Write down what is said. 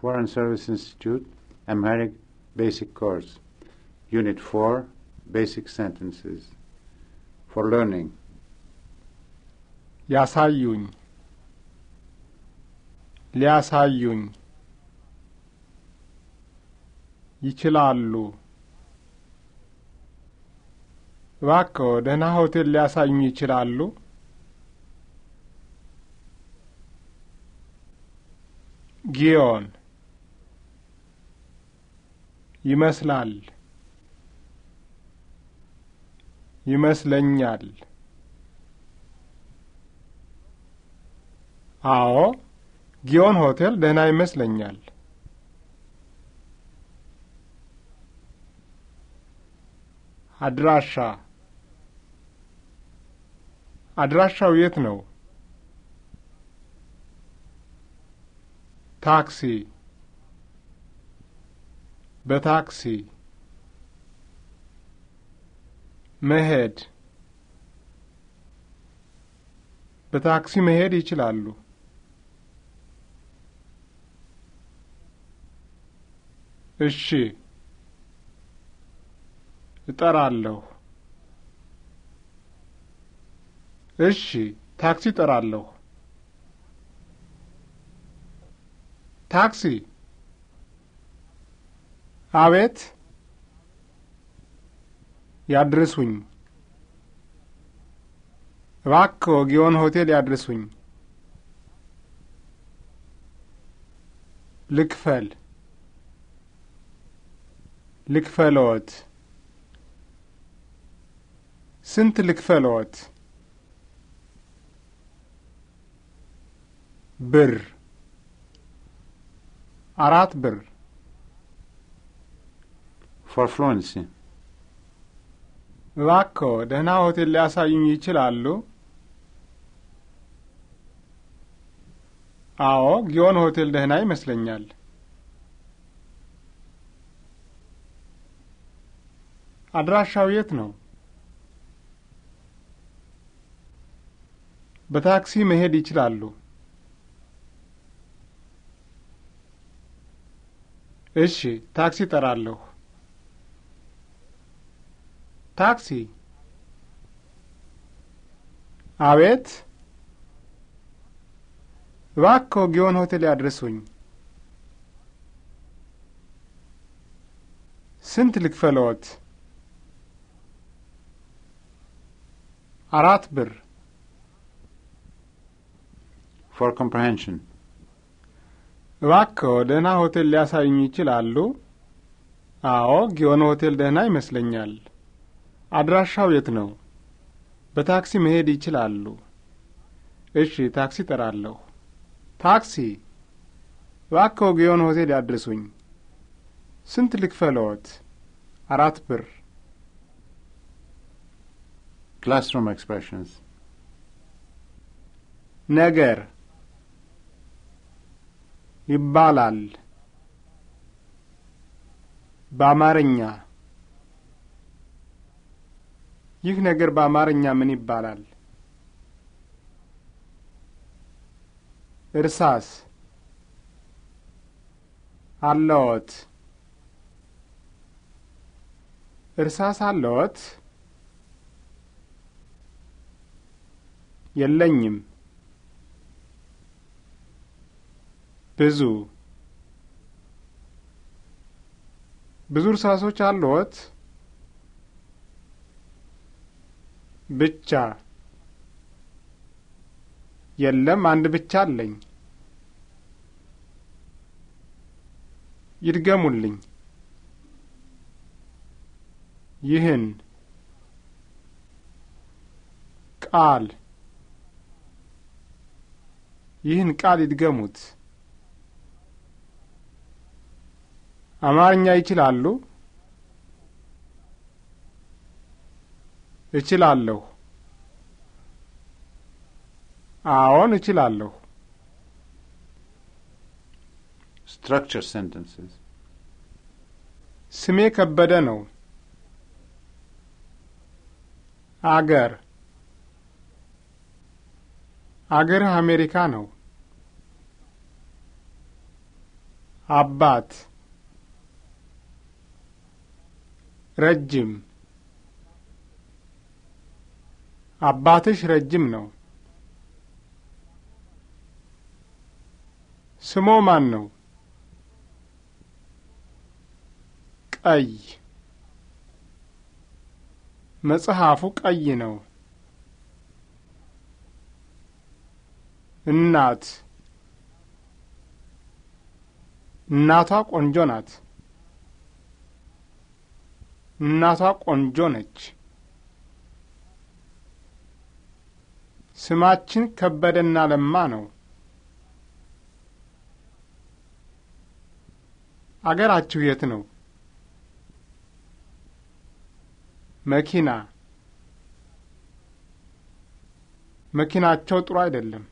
Foreign Service Institute, Amharic Basic Course, Unit 4, Basic Sentences. For learning. Yasayun. Liasayun. Yichilalu. Wako, then how to Liasayun Yichilalu? ጊዮን ይመስላል ይመስለኛል። አዎ ጊዮን ሆቴል ደህና ይመስለኛል። አድራሻ አድራሻው የት ነው? ታክሲ በታክሲ መሄድ በታክሲ መሄድ ይችላሉ። እሺ፣ እጠራለሁ። እሺ፣ ታክሲ እጠራለሁ። ታክሲ አቤት ያድርሱኝ። እባክዎ ጊዮን ሆቴል ያድርሱኝ። ልክፈል ልክፈልዎት። ስንት ልክፈልዎት? ብር አራት ብር ፎር ፍሉንሲ። እባክዎ ደህና ሆቴል ሊያሳዩኝ ይችላሉ? አዎ፣ ጊዮን ሆቴል ደህና ይመስለኛል። አድራሻው የት ነው? በታክሲ መሄድ ይችላሉ። እሺ፣ ታክሲ እጠራለሁ። ታክሲ። አቤት። እባክዎ ጊዮን ሆቴል ያድርሱኝ። ስንት ልክፈልዎት? አራት ብር። ፎር ኮምፕሬንሽን እባክዎ ደህና ሆቴል ሊያሳዩኝ ይችላሉ? አዎ፣ ጊዮን ሆቴል ደህና ይመስለኛል። አድራሻው የት ነው? በታክሲ መሄድ ይችላሉ። እሺ፣ ታክሲ እጠራለሁ። ታክሲ እባክዎ ጊዮን ሆቴል ያድርሱኝ። ስንት ልክፈለዎት? አራት ብር። ክላስሩም ኤክስፕሬሽንስ ነገር ይባላል በአማርኛ ይህ ነገር በአማርኛ ምን ይባላል? እርሳስ አለዎት? እርሳስ አለዎት? የለኝም። ብዙ ብዙ እርሳሶች አለዎት? ብቻ የለም፣ አንድ ብቻ አለኝ። ይድገሙልኝ። ይህን ቃል ይህን ቃል ይድገሙት። አማርኛ ይችላሉ? እችላለሁ። አዎን እችላለሁ። structure sentences ስሜ ከበደ ነው። አገር አገርህ አሜሪካ ነው። አባት ረጅም አባትሽ ረጅም ነው። ስሞ ማን ነው? ቀይ መጽሐፉ ቀይ ነው። እናት እናቷ ቆንጆ ናት። እናቷ ቆንጆ ነች። ስማችን ከበደና ለማ ነው። አገራችሁ የት ነው? መኪና መኪናቸው ጥሩ አይደለም።